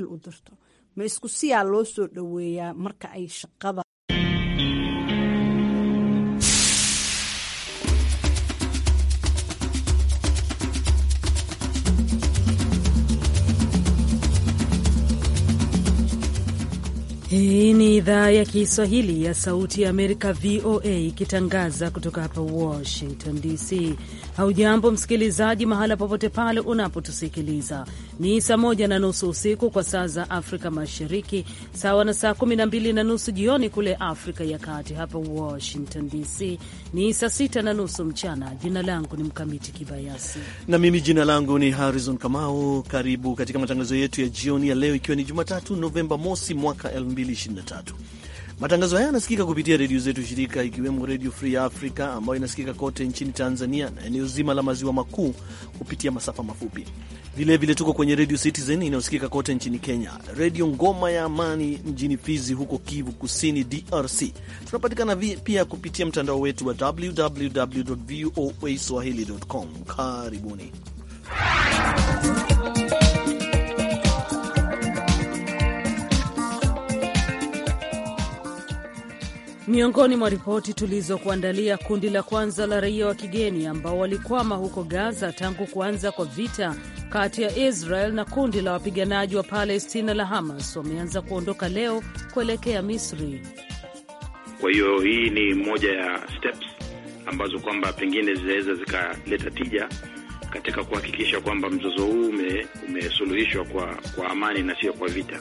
wiil u dirto ma isku siyaa loo soo dhoweeyaa marka ay shaqada Hii ni idhaa ya Kiswahili ya Sauti ya Amerika, VOA, ikitangaza kutoka hapa Washington DC. Haujambo msikilizaji, mahala popote pale unapotusikiliza. Ni saa moja na nusu usiku kwa saa za Afrika Mashariki, sawa na saa kumi na mbili na nusu jioni kule Afrika ya Kati. Hapa Washington DC ni saa sita na nusu mchana. Jina langu ni Mkamiti Kibayasi na mimi jina langu ni Harrison Kamau. Karibu katika matangazo yetu ya jioni ya leo, ikiwa ni Jumatatu Novemba mosi mwaka 223 Matangazo haya yanasikika kupitia redio zetu shirika, ikiwemo Redio Free Africa ambayo inasikika kote nchini Tanzania na eneo zima la maziwa makuu kupitia masafa mafupi. Vilevile tuko kwenye Redio Citizen inayosikika kote nchini Kenya, Redio Ngoma ya Amani mjini Fizi huko Kivu Kusini, DRC. Tunapatikana pia kupitia mtandao wetu wa www voa swahili com. Karibuni. Miongoni mwa ripoti tulizokuandalia, kundi la kwanza la raia wa kigeni ambao walikwama huko Gaza tangu kuanza kwa vita kati ya Israel na kundi la wapiganaji wa Palestina la Hamas wameanza kuondoka leo kuelekea Misri. Kwa hiyo hii ni moja ya steps ambazo kwamba pengine zinaweza zikaleta tija katika kuhakikisha kwamba mzozo huu umesuluhishwa kwa, kwa amani na sio kwa vita.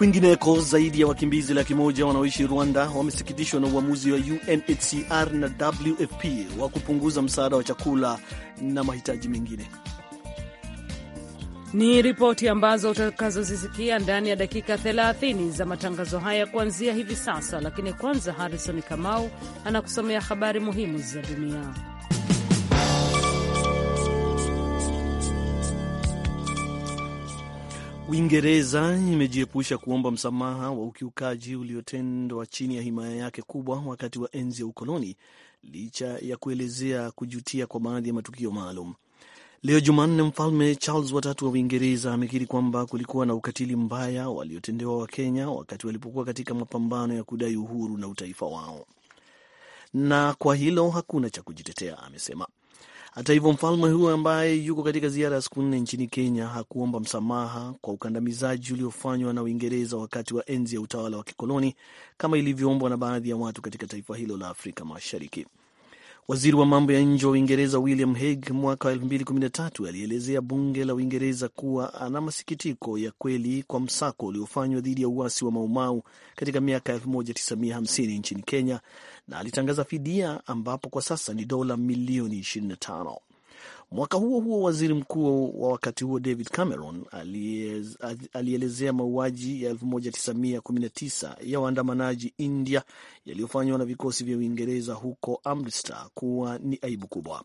Kwingineko, zaidi ya wakimbizi laki moja wanaoishi Rwanda wamesikitishwa na uamuzi wa UNHCR na WFP wa kupunguza msaada wa chakula na mahitaji mengine. Ni ripoti ambazo utakazozisikia ndani ya dakika 30 za matangazo haya kuanzia hivi sasa, lakini kwanza, Harrison Kamau anakusomea habari muhimu za dunia. Uingereza imejiepusha kuomba msamaha wa ukiukaji uliotendwa chini ya himaya yake kubwa wakati wa enzi ya ukoloni licha ya kuelezea kujutia kwa baadhi ya matukio maalum. Leo Jumanne, Mfalme Charles watatu wa Uingereza amekiri kwamba kulikuwa na ukatili mbaya waliotendewa Wakenya wakati walipokuwa katika mapambano ya kudai uhuru na utaifa wao, na kwa hilo hakuna cha kujitetea, amesema. Hata hivyo, mfalme huyo ambaye yuko katika ziara ya siku nne nchini Kenya hakuomba msamaha kwa ukandamizaji uliofanywa na Uingereza wakati wa enzi ya utawala wa kikoloni kama ilivyoombwa na baadhi ya watu katika taifa hilo la Afrika Mashariki. Waziri wa mambo ya nje wa Uingereza William Hague mwaka wa 2013 alielezea bunge la Uingereza kuwa ana masikitiko ya kweli kwa msako uliofanywa dhidi ya uasi wa Maumau katika miaka 9 nchini Kenya na alitangaza fidia ambapo kwa sasa ni dola milioni 25. Mwaka huo huo, waziri mkuu wa wakati huo David Cameron alielezea mauaji ya 1919 ya waandamanaji India yaliyofanywa na vikosi vya Uingereza huko Amritsar kuwa ni aibu kubwa.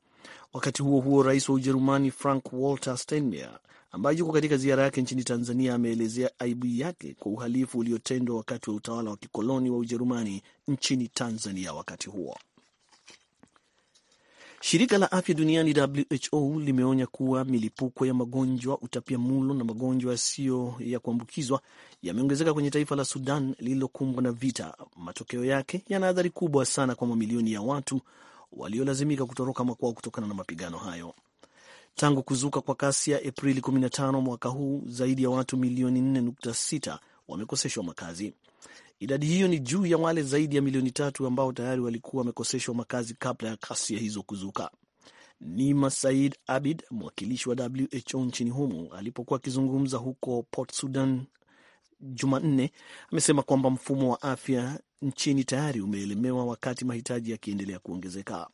Wakati huo huo, rais wa Ujerumani Frank Walter Steinmeier ambaye yuko katika ziara yake nchini Tanzania ameelezea aibu yake kwa uhalifu uliotendwa wakati wa utawala wa kikoloni wa Ujerumani nchini Tanzania wakati huo. Shirika la afya duniani WHO limeonya kuwa milipuko ya magonjwa, utapia mulo na magonjwa yasiyo ya kuambukizwa yameongezeka kwenye taifa la Sudan lililokumbwa na vita. Matokeo yake yana athari kubwa sana kwa mamilioni ya watu waliolazimika kutoroka makwao kutokana na mapigano hayo. Tangu kuzuka kwa kasia Aprili 15 mwaka huu, zaidi ya watu milioni 4.6 wamekoseshwa makazi. Idadi hiyo ni juu ya wale zaidi ya milioni tatu ambao tayari walikuwa wamekoseshwa makazi kabla ya kasia hizo kuzuka. Nima Said Abid, mwakilishi wa WHO nchini humo, alipokuwa akizungumza huko Port Sudan Jumanne, amesema kwamba mfumo wa afya nchini tayari umeelemewa, wakati mahitaji yakiendelea kuongezeka.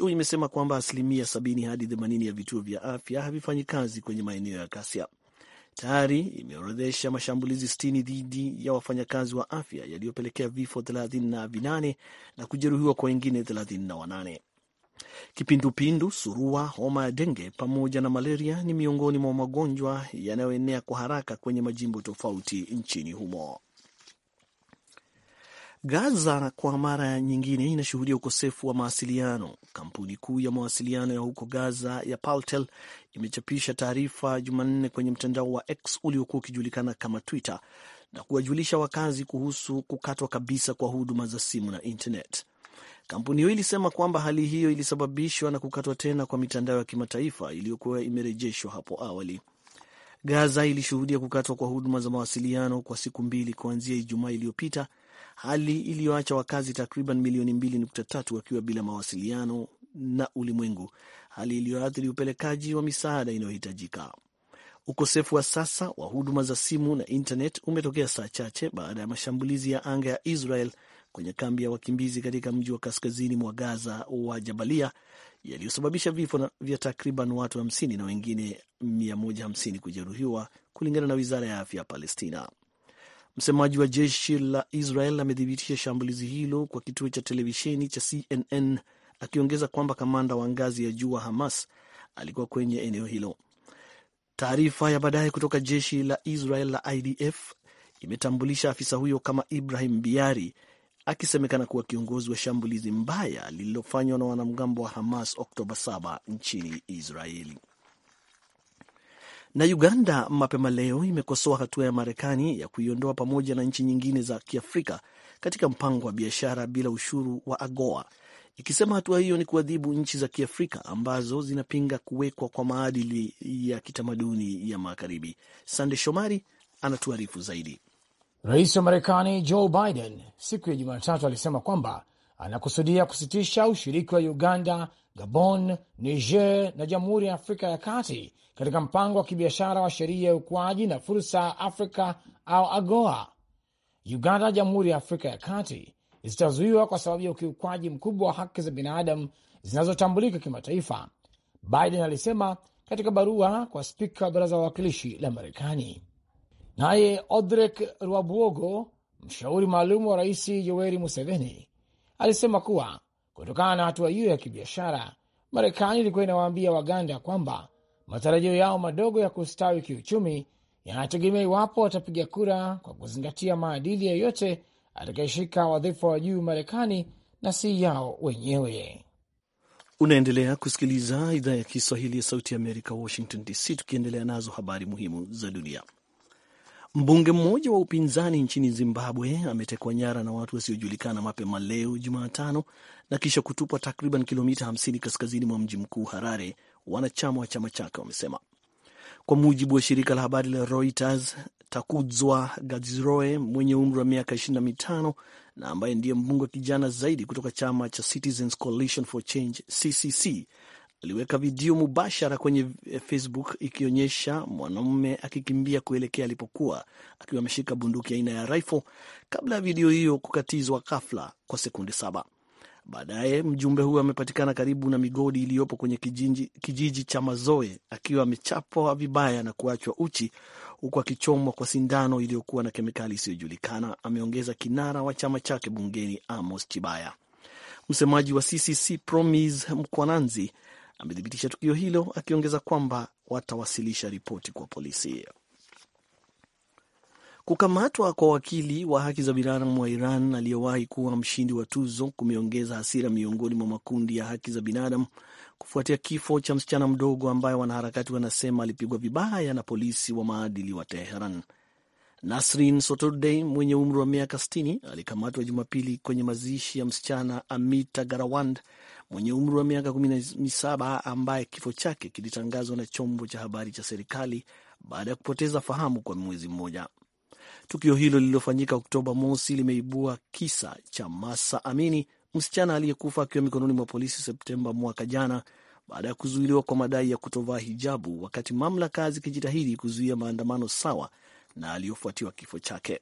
WHO imesema kwamba asilimia 70 hadi 80 ya vituo vya afya havifanyi kazi kwenye maeneo ya kasia Tayari imeorodhesha mashambulizi 60 dhidi ya wafanyakazi wa afya yaliyopelekea vifo 38 na kujeruhiwa kwa wengine 38. Kipindupindu, surua, homa ya denge pamoja na malaria ni miongoni mwa magonjwa yanayoenea kwa haraka kwenye majimbo tofauti nchini humo. Gaza kwa mara nyingine inashuhudia ukosefu wa mawasiliano. Kampuni kuu ya mawasiliano ya huko Gaza ya Paltel imechapisha taarifa Jumanne kwenye mtandao wa X uliokuwa ukijulikana kama Twitter na kuwajulisha wakazi kuhusu kukatwa kabisa kwa huduma za simu na internet. Kampuni hiyo ilisema kwamba hali hiyo ilisababishwa na kukatwa tena kwa mitandao ya kimataifa iliyokuwa imerejeshwa hapo awali. Gaza ilishuhudia kukatwa kwa huduma za mawasiliano kwa siku mbili kuanzia Ijumaa iliyopita hali iliyoacha wakazi takriban milioni 2.3 wakiwa bila mawasiliano na ulimwengu, hali iliyoathiri upelekaji wa misaada inayohitajika. Ukosefu wa sasa wa huduma za simu na intnet umetokea saa chache baada ya mashambulizi ya anga ya Israel kwenye kambi ya wakimbizi katika mji wa kaskazini mwa Gaza wa Jabalia yaliyosababisha vifo vya takriban watu 50 na wengine 150 kujeruhiwa kulingana na wizara ya afya ya Palestina. Msemaji wa jeshi la Israel amethibitisha shambulizi hilo kwa kituo cha televisheni cha CNN akiongeza kwamba kamanda wa ngazi ya juu wa Hamas alikuwa kwenye eneo hilo. Taarifa ya baadaye kutoka jeshi la Israel la IDF imetambulisha afisa huyo kama Ibrahim Biari, akisemekana kuwa kiongozi wa shambulizi mbaya lililofanywa na wanamgambo wa Hamas Oktoba 7 nchini Israeli. Na Uganda mapema leo imekosoa hatua ya Marekani ya kuiondoa pamoja na nchi nyingine za Kiafrika katika mpango wa biashara bila ushuru wa AGOA, ikisema hatua hiyo ni kuadhibu nchi za Kiafrika ambazo zinapinga kuwekwa kwa maadili ya kitamaduni ya Magharibi. Sande Shomari anatuarifu zaidi. Rais wa Marekani Joe Biden siku ya Jumatatu alisema kwamba anakusudia kusitisha ushiriki wa Uganda, Gabon, Niger na Jamhuri ya Afrika ya Kati katika mpango wa kibiashara wa sheria ya ukuaji na fursa Afrika au AGOA. Uganda na Jamhuri ya Afrika ya Kati zitazuiwa kwa sababu ya ukiukwaji mkubwa wa haki za binadamu zinazotambulika kimataifa, Biden alisema katika barua kwa spika wa baraza la wawakilishi la Marekani. Naye Odrek Rwabuogo, mshauri maalum wa Rais Yoweri Museveni, alisema kuwa kutokana na hatua hiyo ya kibiashara, Marekani ilikuwa inawaambia Waganda kwamba matarajio yao madogo ya kustawi kiuchumi yanategemea iwapo watapiga kura kwa kuzingatia maadili yoyote atakayeshika wadhifa wa juu Marekani na si yao wenyewe. Unaendelea kusikiliza idhaa ya Kiswahili ya Sauti ya Amerika, Washington DC, tukiendelea nazo habari muhimu za dunia. Mbunge mmoja wa upinzani nchini Zimbabwe ametekwa nyara na watu wasiojulikana mapema leo Jumatano na kisha kutupwa takriban kilomita 50 kaskazini mwa mji mkuu Harare, wanachama wa chama chake wamesema, kwa mujibu wa shirika la habari la Reuters. Takudzwa Gaziroe mwenye umri wa miaka 25 na ambaye ndiye mbunge wa kijana zaidi kutoka chama cha Citizens Coalition for Change CCC aliweka video mubashara kwenye eh, Facebook ikionyesha mwanaume akikimbia kuelekea alipokuwa akiwa ameshika bunduki aina ya rifle kabla ya video hiyo kukatizwa ghafla kwa sekunde saba. Baadaye mjumbe huyo amepatikana karibu na migodi iliyopo kwenye kijiji, kijiji cha Mazoe akiwa amechapwa vibaya na kuachwa uchi huku akichomwa kwa sindano iliyokuwa na kemikali isiyojulikana, ameongeza kinara wa chama chake bungeni Amos Chibaya. Msemaji wa CCC Promise Mkwananzi amethibitisha tukio hilo akiongeza kwamba watawasilisha ripoti kwa polisi. Kukamatwa kwa wakili wa haki za binadamu wa Iran aliyewahi kuwa mshindi wa tuzo kumeongeza hasira miongoni mwa makundi ya haki za binadamu kufuatia kifo cha msichana mdogo ambaye wanaharakati wanasema alipigwa vibaya na polisi wa maadili wa Teheran. Nasrin Sotudeh mwenye umri wa miaka 60 alikamatwa Jumapili kwenye mazishi ya msichana Amita Garawand mwenye umri wa miaka 17 ambaye kifo chake kilitangazwa na chombo cha habari cha serikali baada ya kupoteza fahamu kwa mwezi mmoja. Tukio hilo lililofanyika Oktoba mosi limeibua kisa cha Masa Amini, msichana aliyekufa akiwa mikononi mwa polisi Septemba mwaka jana baada ya kuzuiliwa kwa madai ya kutovaa hijabu, wakati mamlaka zikijitahidi kuzuia maandamano sawa na aliyofuatiwa kifo chake.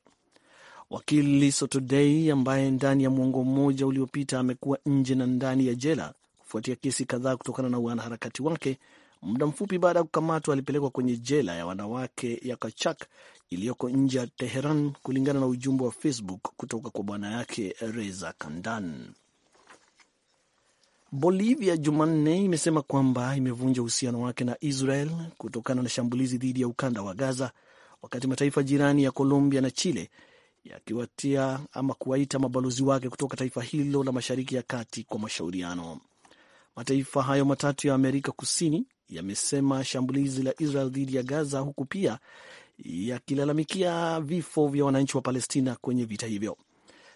Wakili Sotodei, ambaye ndani ya mwongo mmoja uliopita amekuwa nje na ndani ya jela kufuatia kesi kadhaa kutokana na wanaharakati wake, muda mfupi baada ya kukamatwa alipelekwa kwenye jela ya wanawake ya Kachak iliyoko nje ya Teheran, kulingana na ujumbe wa Facebook kutoka kwa bwana yake Reza Kandan. Bolivia Jumanne imesema kwamba imevunja uhusiano wake na Israel kutokana na shambulizi dhidi ya ukanda wa Gaza, wakati mataifa jirani ya Colombia na Chile yakiwatia ama kuwaita mabalozi wake kutoka taifa hilo la Mashariki ya Kati kwa mashauriano. Mataifa hayo matatu ya Amerika Kusini yamesema shambulizi la Israel dhidi ya Gaza, huku pia yakilalamikia vifo vya wananchi wa Palestina kwenye vita hivyo.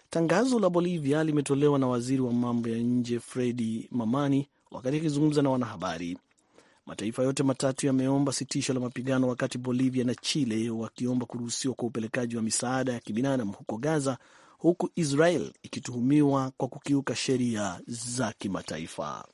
Tangazo la Bolivia limetolewa na waziri wa mambo ya nje Fredi Mamani wakati akizungumza na wanahabari. Mataifa yote matatu yameomba sitisho la mapigano, wakati Bolivia na Chile wakiomba kuruhusiwa kwa upelekaji wa misaada ya kibinadamu huko Gaza, huku Israel ikituhumiwa kwa kukiuka sheria za kimataifa.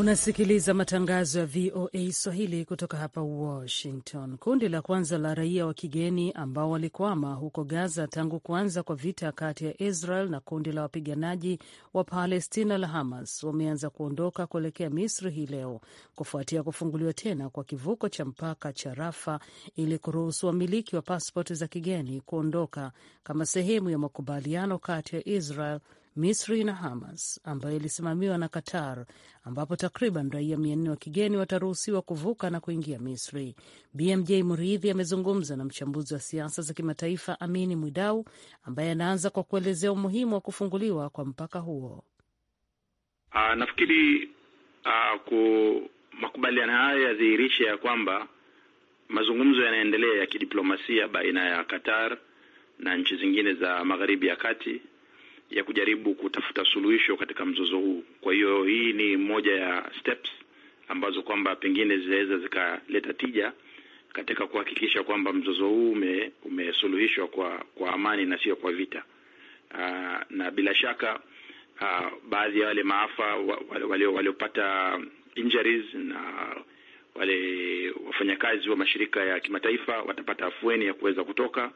Unasikiliza matangazo ya VOA Swahili kutoka hapa Washington. Kundi la kwanza la raia wa kigeni ambao walikwama huko Gaza tangu kuanza kwa vita kati ya Israel na kundi la wapiganaji wa Palestina la Hamas wameanza kuondoka kuelekea Misri hii leo kufuatia kufunguliwa tena kwa kivuko cha mpaka cha Rafa ili kuruhusu wamiliki wa paspoti za kigeni kuondoka kama sehemu ya makubaliano kati ya Israel Misri na Hamas ambayo ilisimamiwa na Qatar, ambapo takriban raia mia nne wa kigeni wataruhusiwa kuvuka na kuingia Misri. BMJ Muridhi amezungumza na mchambuzi wa siasa za kimataifa Amini Mwidau ambaye anaanza kwa kuelezea umuhimu wa kufunguliwa kwa mpaka huo. nafkiri ah, nafikiri ah, makubaliano hayo yadhihirisha ya kwamba mazungumzo yanaendelea ya kidiplomasia baina ya Qatar na nchi zingine za Magharibi ya Kati ya kujaribu kutafuta suluhisho katika mzozo huu. Kwa hiyo hii ni moja ya steps ambazo kwamba pengine zinaweza zikaleta tija katika kuhakikisha kwamba mzozo huu ume, umesuluhishwa kwa kwa amani na sio kwa vita. Aa, ah, na bila shaka aa, ah, baadhi ya wale maafa waliopata injuries na wale wafanyakazi wa mashirika ya kimataifa watapata afueni ya kuweza kutoka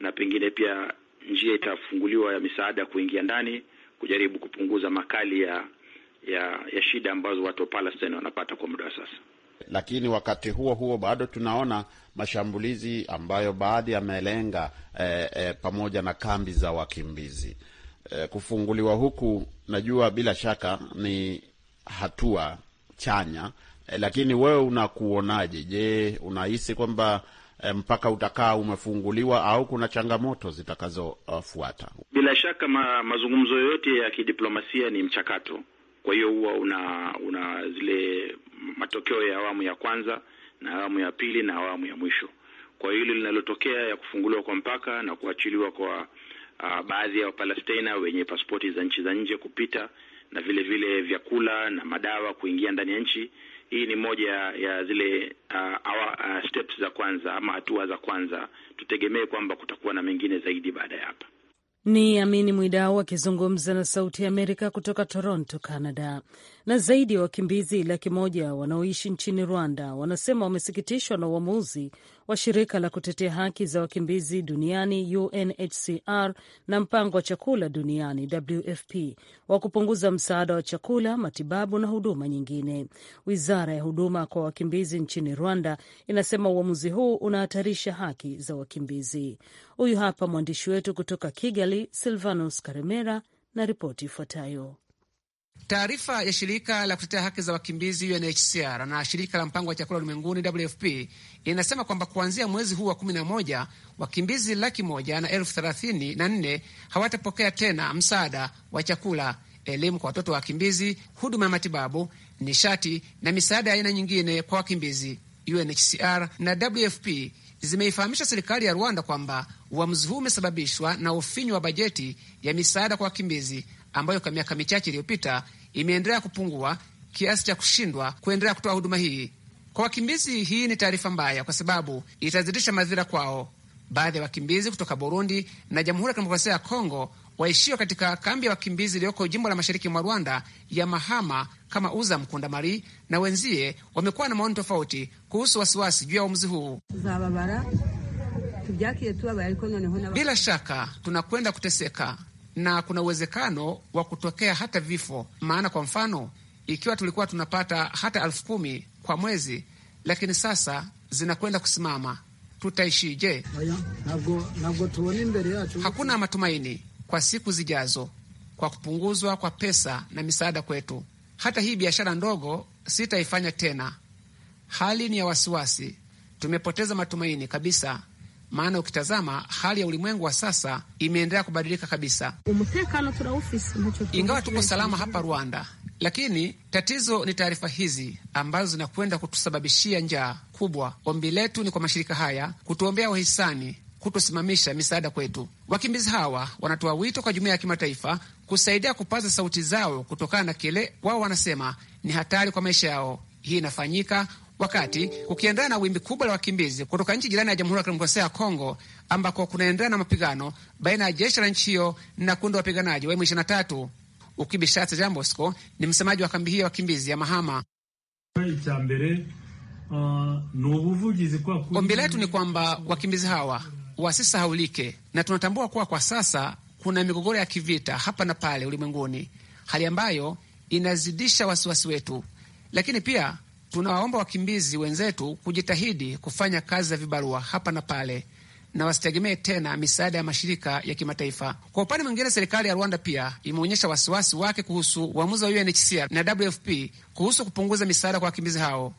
na pengine pia njia itafunguliwa ya misaada kuingia ndani kujaribu kupunguza makali ya ya, ya shida ambazo watu wa Palestina wanapata kwa muda wa sasa. Lakini wakati huo huo bado tunaona mashambulizi ambayo baadhi yamelenga eh, eh, pamoja na kambi za wakimbizi eh, kufunguliwa huku, najua bila shaka ni hatua chanya eh, lakini wewe unakuonaje? Je, unahisi kwamba Eh, mpaka utakaa umefunguliwa au kuna changamoto zitakazofuata? Bila shaka ma, mazungumzo yoyote ya kidiplomasia ni mchakato. Kwa hiyo huwa una, una zile matokeo ya awamu ya kwanza na awamu ya pili na awamu ya mwisho. Kwa hilo linalotokea ya kufunguliwa kwa mpaka na kuachiliwa kwa uh, baadhi ya Wapalestina wenye paspoti za nchi za nje kupita na vile vile vyakula na madawa kuingia ndani ya nchi hii ni moja ya zile uh, our, uh, steps za kwanza ama hatua za kwanza. Tutegemee kwamba kutakuwa na mengine zaidi baada ya hapa. Ni Amini Mwidau akizungumza na Sauti ya Amerika kutoka Toronto, Canada. Na zaidi ya wakimbizi laki moja wanaoishi nchini Rwanda wanasema wamesikitishwa na uamuzi wa shirika la kutetea haki za wakimbizi duniani UNHCR na mpango wa chakula duniani WFP wa kupunguza msaada wa chakula, matibabu na huduma nyingine. Wizara ya huduma kwa wakimbizi nchini Rwanda inasema uamuzi huu unahatarisha haki za wakimbizi. Huyu hapa mwandishi wetu kutoka Kigali Silvanus Karemera na ripoti ifuatayo. Taarifa ya shirika la kutetea haki za wakimbizi UNHCR na shirika la mpango wa chakula ulimwenguni WFP inasema kwamba kuanzia mwezi huu wa 11 wakimbizi laki moja na elfu thelathini na nne hawatapokea tena msaada wa chakula, elimu kwa watoto wa wakimbizi, huduma ya matibabu, nishati na misaada ya aina nyingine kwa wakimbizi. UNHCR na WFP zimeifahamisha serikali ya Rwanda kwamba uamuzi huu umesababishwa na ufinyu wa bajeti ya misaada kwa wakimbizi ambayo kwa miaka michache iliyopita imeendelea kupungua kiasi cha kushindwa kuendelea kutoa huduma hii kwa wakimbizi. Hii ni taarifa mbaya kwa sababu itazidisha madhira kwao. Baadhi ya wakimbizi kutoka Burundi na Jamhuri ya Kidemokrasia ya Kongo waishio katika kambi ya wakimbizi iliyoko jimbo la mashariki mwa Rwanda ya Mahama kama Uza Mkunda Mari na wenzie wamekuwa na maoni tofauti kuhusu wasiwasi juu ya uamuzi huu. Bila shaka tunakwenda kuteseka na kuna uwezekano wa kutokea hata vifo, maana kwa mfano, ikiwa tulikuwa tunapata hata elfu kumi kwa mwezi, lakini sasa zinakwenda kusimama, tutaishije? Hakuna matumaini kwa siku zijazo kwa kupunguzwa kwa pesa na misaada kwetu. Hata hii biashara ndogo sitaifanya tena. Hali ni ya wasiwasi, tumepoteza matumaini kabisa, maana ukitazama hali ya ulimwengu wa sasa imeendelea kubadilika kabisa. Ingawa tuko salama hapa Rwanda, lakini tatizo ni taarifa hizi ambazo zinakwenda kutusababishia njaa kubwa. Ombi letu ni kwa mashirika haya kutuombea wahisani kutosimamisha misaada kwetu. Wakimbizi hawa wanatoa wito kwa jumuiya ya kimataifa kusaidia kupaza sauti zao kutokana na kile wao wanasema ni hatari kwa maisha yao. Hii inafanyika wakati kukiendana na wimbi kubwa la wakimbizi kutoka nchi jirani ya Jamhuri ya Kidemokrasia ya Kongo, ambako kunaendelea na mapigano baina ya jeshi la nchi hiyo na kundi la wapiganaji wa M23. Ukibishatse Jean Bosco ni msemaji wa kambi hii ya wakimbizi ya Mahama. Ombi letu ni kwamba wakimbizi hawa wasisahaulike, na tunatambua kuwa kwa sasa kuna migogoro ya kivita hapa na pale ulimwenguni, hali ambayo inazidisha wasiwasi wetu, lakini pia tunawaomba wakimbizi wenzetu kujitahidi kufanya kazi za vibarua hapa na pale na wasitegemee tena misaada ya mashirika ya kimataifa. Kwa upande mwingine, serikali ya Rwanda pia imeonyesha wasiwasi wake kuhusu uamuzi wa UNHCR na WFP kuhusu kupunguza misaada kwa wakimbizi hao.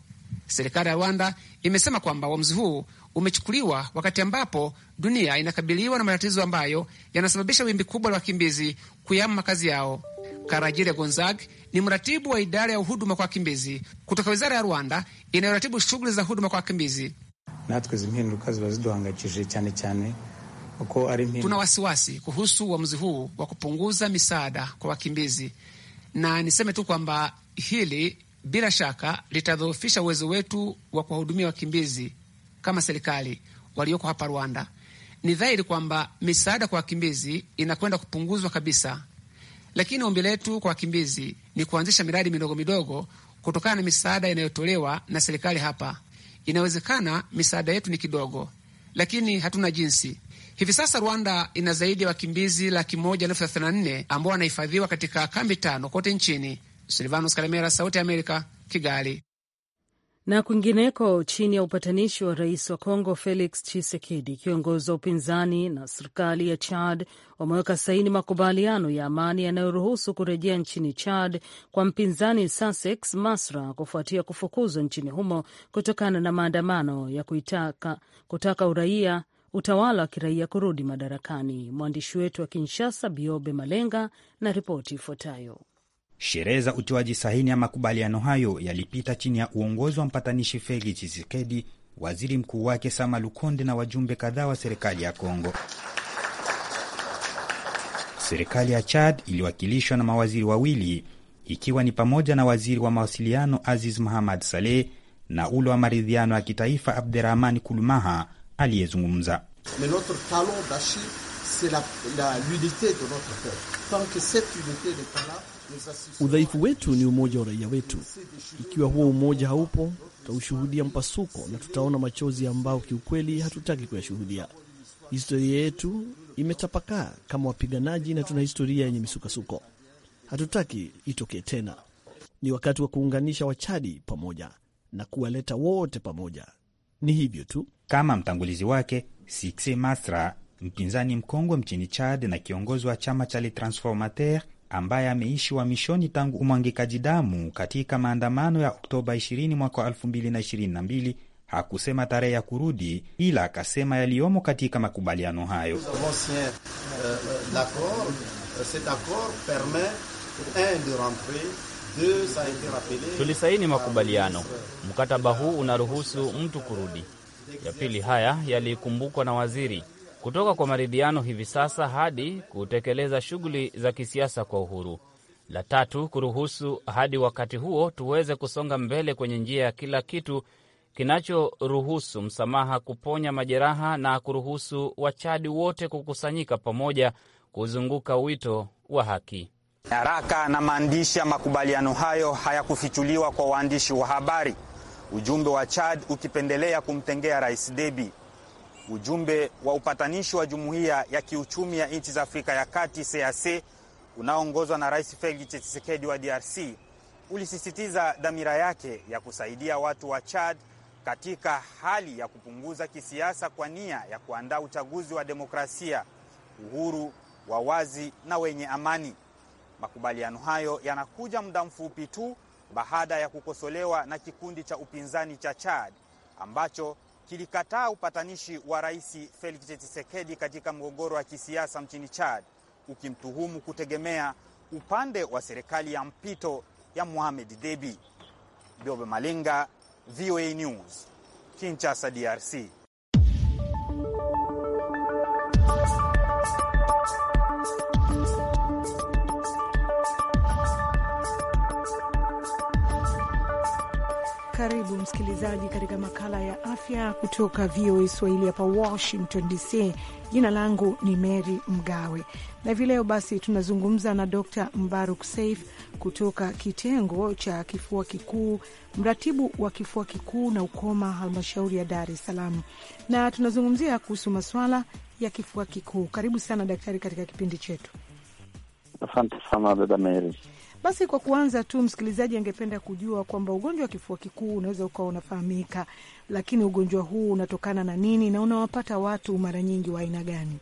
Serikali ya Rwanda imesema kwamba uamuzi huu umechukuliwa wakati ambapo dunia inakabiliwa na matatizo ambayo yanasababisha wimbi kubwa la wakimbizi kuyama makazi yao. Karajire Gonzag ni mratibu wa idara ya huduma kwa wakimbizi kutoka wizara ya Rwanda inayoratibu shughuli za huduma kwa wakimbizi. Tuna wasiwasi kuhusu uamuzi huu wa kupunguza misaada kwa wakimbizi, na niseme tu kwamba hili bila shaka litadhoofisha uwezo wetu wa kuwahudumia wakimbizi kama serikali walioko hapa Rwanda, ni dhahiri kwamba misaada kwa wakimbizi inakwenda kupunguzwa kabisa, lakini ombi letu kwa wakimbizi ni kuanzisha miradi midogo midogo kutokana na misaada inayotolewa na serikali hapa. Inawezekana misaada yetu ni kidogo, lakini hatuna jinsi. Hivi sasa Rwanda ina zaidi ya wakimbizi laki moja elfu thelathini na nne ambao wanahifadhiwa katika kambi tano kote nchini. Silvanos Kalemera, Sauti ya Amerika, Kigali. Na kwingineko, chini ya upatanishi wa rais wa Kongo Felix Tshisekedi, kiongozi wa upinzani na serikali ya Chad wameweka saini makubaliano ya amani yanayoruhusu kurejea nchini Chad kwa mpinzani Sasex Masra kufuatia kufukuzwa nchini humo kutokana na maandamano ya kuitaka, kutaka uraia utawala wa kiraia kurudi madarakani. Mwandishi wetu wa Kinshasa Biobe Malenga na ripoti ifuatayo. Sherehe za utoaji sahini ya makubaliano hayo yalipita chini ya uongozi wa mpatanishi Feli chisikedi waziri mkuu wake Sama Lukonde na wajumbe kadhaa wa serikali ya Kongo. Serikali ya Chad iliwakilishwa na mawaziri wawili ikiwa ni pamoja na waziri wa mawasiliano Aziz Muhammad Saleh na ule wa maridhiano ya kitaifa Abdurahman Kulumaha aliyezungumza. Udhaifu wetu ni umoja wa raia wetu. Ikiwa huo umoja haupo, tutaushuhudia mpasuko na tutaona machozi ambao kiukweli hatutaki kuyashuhudia. Historia yetu imetapakaa kama wapiganaji na tuna historia yenye misukasuko, hatutaki itokee tena. Ni wakati wa kuunganisha Wachadi pamoja na kuwaleta wote pamoja. Ni hivyo tu. Kama mtangulizi wake Sixe Masra mpinzani mkongwe mchini Chad na kiongozi wa chama cha Le Transformateur ambaye ameishi uhamishoni tangu umwangikaji damu katika maandamano ya Oktoba 20 mwaka 2022 hakusema tarehe ya kurudi, ila akasema yaliyomo katika makubaliano hayo. Euh, euh, euh, Tulisaini makubaliano, mkataba huu unaruhusu mtu kurudi. Ya pili, haya yalikumbukwa na waziri kutoka kwa maridhiano hivi sasa hadi kutekeleza shughuli za kisiasa kwa uhuru. La tatu, kuruhusu hadi wakati huo tuweze kusonga mbele kwenye njia ya kila kitu kinachoruhusu msamaha kuponya majeraha na kuruhusu Wachadi wote kukusanyika pamoja kuzunguka wito wa haki. Nyaraka na maandishi ya makubaliano hayo hayakufichuliwa kwa waandishi wa habari, ujumbe wa Chad ukipendelea kumtengea Rais Deby. Ujumbe wa upatanishi wa jumuiya ya kiuchumi ya nchi za Afrika ya Kati cac unaoongozwa na Rais Felix Tshisekedi wa DRC ulisisitiza dhamira yake ya kusaidia watu wa Chad katika hali ya kupunguza kisiasa kwa nia ya kuandaa uchaguzi wa demokrasia, uhuru wa wazi na wenye amani. Makubaliano hayo yanakuja muda mfupi tu baada ya kukosolewa na kikundi cha upinzani cha Chad ambacho kilikataa upatanishi wa Rais Felix Tshisekedi katika mgogoro wa kisiasa nchini Chad, ukimtuhumu kutegemea upande wa serikali ya mpito ya Mohamed Deby. Biobe malinga VOA News, Kinshasa, DRC. karibu msikilizaji katika makala ya afya kutoka VOA Swahili hapa Washington DC. Jina langu ni Mary Mgawe na hivi leo basi tunazungumza na Dr Mbaruk Saif kutoka kitengo cha kifua kikuu, mratibu wa kifua kikuu na ukoma, halmashauri ya Dar es Salaam, na tunazungumzia kuhusu maswala ya kifua kikuu. Karibu sana daktari katika kipindi chetu. Asante sana dada Meri. Basi kwa kuanza tu, msikilizaji angependa kujua kwamba ugonjwa wa kifua kikuu unaweza ukawa unafahamika, lakini ugonjwa huu unatokana na nini na unawapata watu mara nyingi wa aina gani?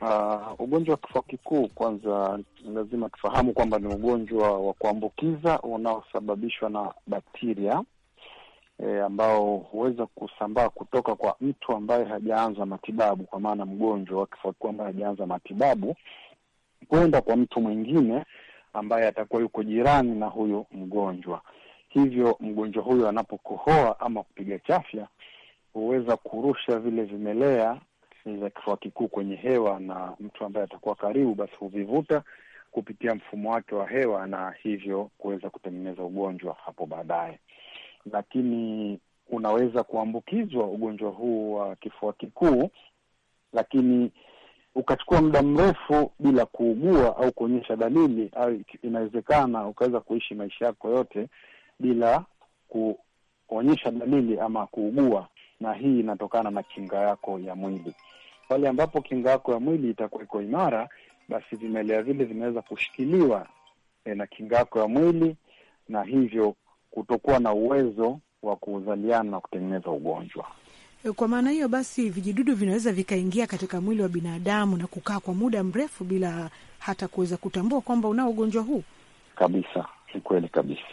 Uh, ugonjwa wa kifua kikuu kwanza, lazima tufahamu kwamba ni ugonjwa wa kuambukiza unaosababishwa na bakteria e, ambao huweza kusambaa kutoka kwa mtu ambaye hajaanza matibabu, kwa maana mgonjwa wa kifua kikuu ambaye hajaanza matibabu kwenda kwa mtu mwingine ambaye atakuwa yuko jirani na huyo mgonjwa. Hivyo mgonjwa huyo anapokohoa ama kupiga chafya huweza kurusha vile vimelea vya kifua kikuu kwenye hewa, na mtu ambaye atakuwa karibu basi huvivuta kupitia mfumo wake wa hewa, na hivyo kuweza kutengeneza ugonjwa hapo baadaye. Lakini unaweza kuambukizwa ugonjwa huu wa kifua kikuu, lakini ukachukua muda mrefu bila kuugua au kuonyesha dalili, au inawezekana ukaweza kuishi maisha yako yote bila kuonyesha dalili ama kuugua, na hii inatokana na kinga yako ya mwili. Pale ambapo kinga yako ya mwili itakuwa iko imara, basi vimelea vile vinaweza kushikiliwa e, na kinga yako ya mwili, na hivyo kutokuwa na uwezo wa kuzaliana na kutengeneza ugonjwa. Kwa maana hiyo basi, vijidudu vinaweza vikaingia katika mwili wa binadamu na kukaa kwa muda mrefu bila hata kuweza kutambua kwamba unao ugonjwa huu kabisa. Ni kweli kabisa.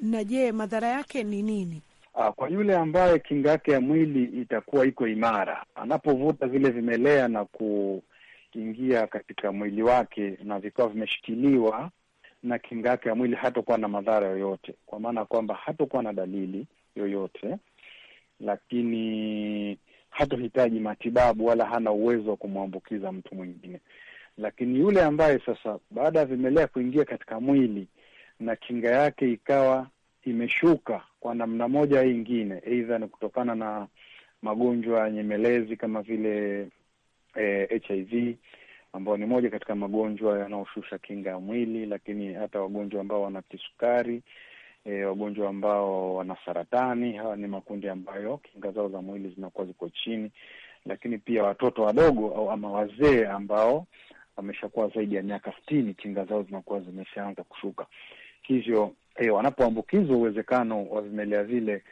Na je, madhara yake ni nini? Ah, kwa yule ambaye kinga yake ya mwili itakuwa iko imara, anapovuta vile vimelea na kuingia katika mwili wake na vikawa vimeshikiliwa na kinga yake ya mwili, hatokuwa na madhara yoyote, kwa maana ya kwamba hatokuwa na dalili yoyote lakini hatohitaji matibabu wala hana uwezo wa kumwambukiza mtu mwingine. Lakini yule ambaye sasa baada ya vimelea kuingia katika mwili na kinga yake ikawa imeshuka kwa namna moja au ingine, aidha ni kutokana na magonjwa nyemelezi kama vile eh, HIV ambayo ni moja katika magonjwa yanayoshusha kinga ya mwili, lakini hata wagonjwa ambao wana kisukari e, wagonjwa ambao wana saratani. Hawa ni makundi ambayo kinga zao za mwili zinakuwa ziko chini, lakini pia watoto wadogo au ama wazee ambao wameshakuwa zaidi ya miaka sitini, kinga zao zinakuwa zimeshaanza kushuka, hivyo e, wanapoambukizwa uwezekano wa vimelea vile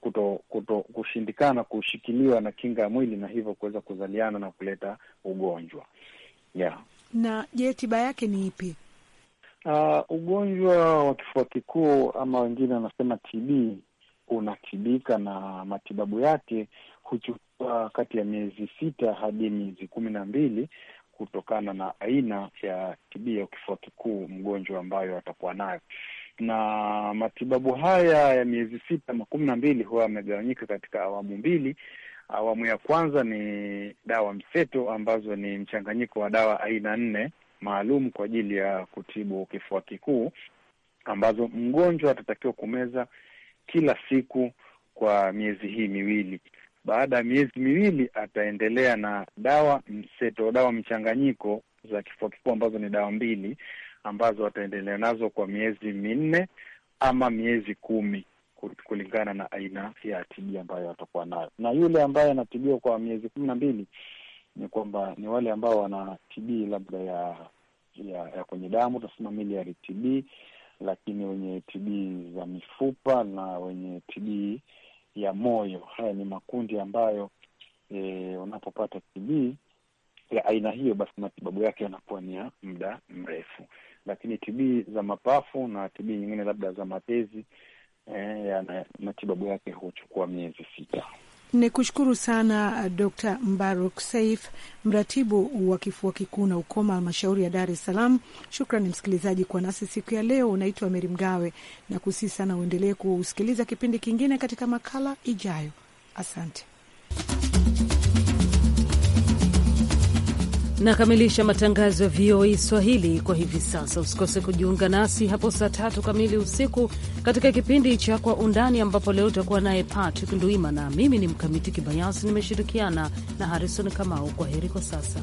kuto, kuto kushindikana kushikiliwa na kinga ya mwili na hivyo kuweza kuzaliana na kuleta ugonjwa yeah. Na je, tiba yake ni ipi? Uh, ugonjwa wa kifua kikuu ama wengine wanasema TB unatibika na matibabu yake huchukua kati ya miezi sita hadi miezi kumi na mbili kutokana na aina ya TB ya kifua kikuu mgonjwa ambayo atakuwa nayo, na matibabu haya ya miezi sita ama kumi na mbili huwa yamegawanyika katika awamu mbili. Awamu ya kwanza ni dawa mseto ambazo ni mchanganyiko wa dawa aina nne maalum kwa ajili ya kutibu kifua kikuu ambazo mgonjwa atatakiwa kumeza kila siku kwa miezi hii miwili. Baada ya miezi miwili ataendelea na dawa mseto, dawa mchanganyiko za kifua kikuu ambazo ni dawa mbili ambazo ataendelea nazo kwa miezi minne ama miezi kumi kulingana na aina ya TB ambayo atakuwa nayo. Na yule ambaye anatibiwa kwa miezi kumi na mbili ni kwamba ni wale ambao wana TB labda ya ya, ya kwenye damu tunasema miliari TB, lakini wenye TB za mifupa na wenye TB ya moyo. Haya ni makundi ambayo e, unapopata TB ya aina hiyo, basi matibabu yake yanakuwa ni ya muda mrefu. Lakini TB za mapafu na TB nyingine labda za matezi, e, ya, matibabu yake huchukua miezi sita. Ni kushukuru sana uh, Dr Mbaruk Saif, mratibu wa kifua kikuu na ukoma halmashauri ya Dar es Salaam. Shukrani msikilizaji kwa nasi siku ya leo. Unaitwa Meri Mgawe na kusii sana uendelee kusikiliza kipindi kingine katika makala ijayo. Asante. Nakamilisha matangazo ya VOA e Swahili kwa hivi sasa. Usikose kujiunga nasi hapo saa tatu kamili usiku katika kipindi cha Kwa Undani, ambapo leo utakuwa naye Patrick Nduima na mimi ni Mkamiti Kibayasi, nimeshirikiana na Harrison Kamau. Kwa heri kwa sasa.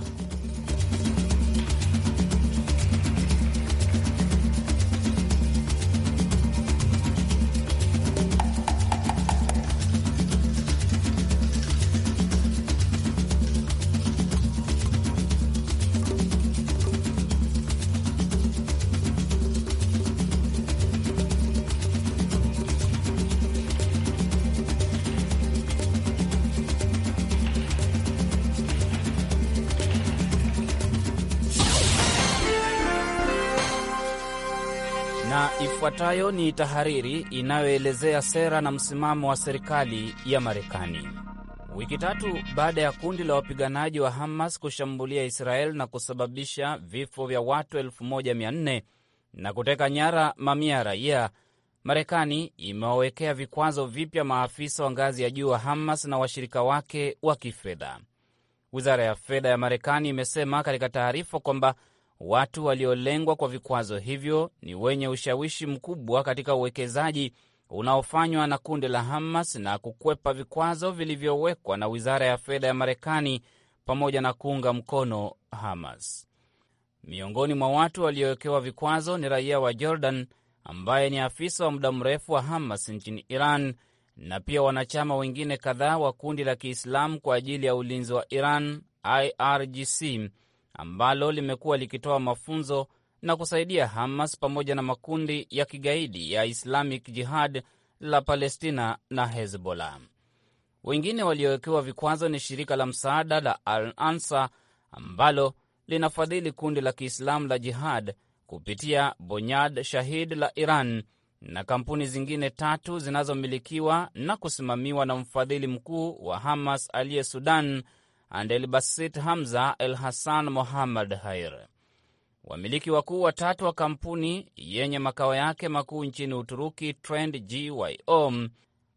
Ifuatayo ni tahariri inayoelezea sera na msimamo wa serikali ya Marekani. Wiki tatu baada ya kundi la wapiganaji wa Hamas kushambulia Israel na kusababisha vifo vya watu 1400 na kuteka nyara mamia ya raia, Marekani imewawekea vikwazo vipya maafisa wa ngazi ya juu wa Hamas na washirika wake wa kifedha. Wizara ya fedha ya Marekani imesema katika taarifa kwamba Watu waliolengwa kwa vikwazo hivyo ni wenye ushawishi mkubwa katika uwekezaji unaofanywa na kundi la Hamas na kukwepa vikwazo vilivyowekwa na wizara ya fedha ya Marekani pamoja na kuunga mkono Hamas. Miongoni mwa watu waliowekewa vikwazo ni raia wa Jordan ambaye ni afisa wa muda mrefu wa Hamas nchini Iran na pia wanachama wengine kadhaa wa kundi la Kiislamu kwa ajili ya ulinzi wa Iran IRGC ambalo limekuwa likitoa mafunzo na kusaidia Hamas pamoja na makundi ya kigaidi ya Islamic Jihad la Palestina na Hezbollah. Wengine waliowekewa vikwazo ni shirika la msaada la Al Ansa ambalo linafadhili kundi la Kiislamu la Jihad kupitia Bonyad Shahid la Iran na kampuni zingine tatu zinazomilikiwa na kusimamiwa na mfadhili mkuu wa Hamas aliye Sudan, and Elbasit Hamza El Hassan Mohammad Hair. Wamiliki wakuu watatu wa kampuni yenye makao yake makuu nchini Uturuki, Trend GYO,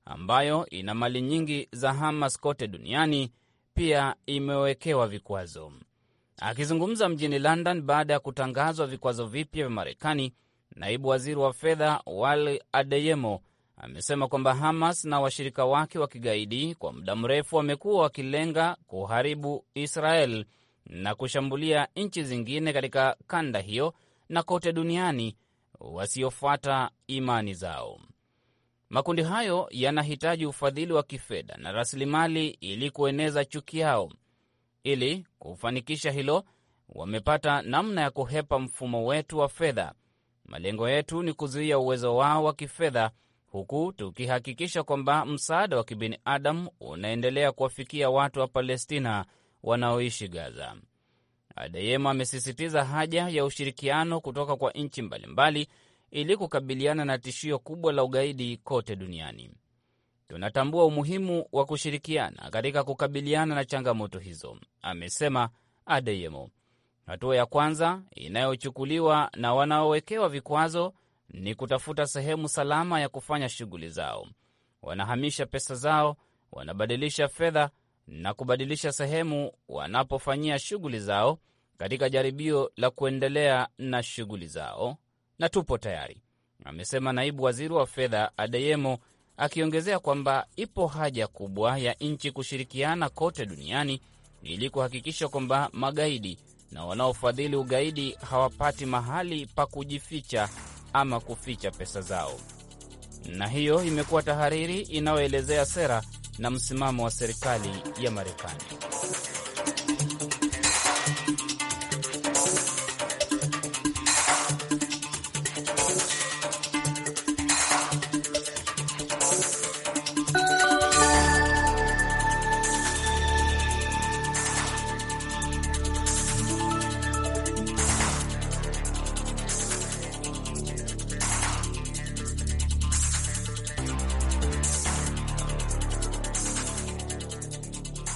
ambayo ina mali nyingi za Hamas kote duniani, pia imewekewa vikwazo. Akizungumza mjini London baada ya kutangazwa vikwazo vipya vya Marekani, naibu waziri wa fedha wali Adeyemo amesema kwamba Hamas na washirika wake wa kigaidi kwa muda mrefu wamekuwa wakilenga kuharibu Israel na kushambulia nchi zingine katika kanda hiyo na kote duniani wasiofuata imani zao. Makundi hayo yanahitaji ufadhili wa kifedha na rasilimali ili kueneza chuki yao. Ili kufanikisha hilo, wamepata namna ya kuhepa mfumo wetu wa fedha. Malengo yetu ni kuzuia uwezo wao wa kifedha huku tukihakikisha kwamba msaada wa kibinadamu unaendelea kuwafikia watu wa Palestina wanaoishi Gaza. Adeyemo amesisitiza haja ya ushirikiano kutoka kwa nchi mbalimbali ili kukabiliana na tishio kubwa la ugaidi kote duniani. Tunatambua umuhimu wa kushirikiana katika kukabiliana na changamoto hizo, amesema Adeyemo. Hatua ya kwanza inayochukuliwa na wanaowekewa vikwazo ni kutafuta sehemu salama ya kufanya shughuli zao. Wanahamisha pesa zao, wanabadilisha fedha na kubadilisha sehemu wanapofanyia shughuli zao katika jaribio la kuendelea na shughuli zao, na tupo tayari, amesema naibu waziri wa fedha Adeyemo, akiongezea kwamba ipo haja kubwa ya nchi kushirikiana kote duniani ili kuhakikisha kwamba magaidi na wanaofadhili ugaidi hawapati mahali pa kujificha ama kuficha pesa zao. Na hiyo imekuwa tahariri inayoelezea sera na msimamo wa serikali ya Marekani.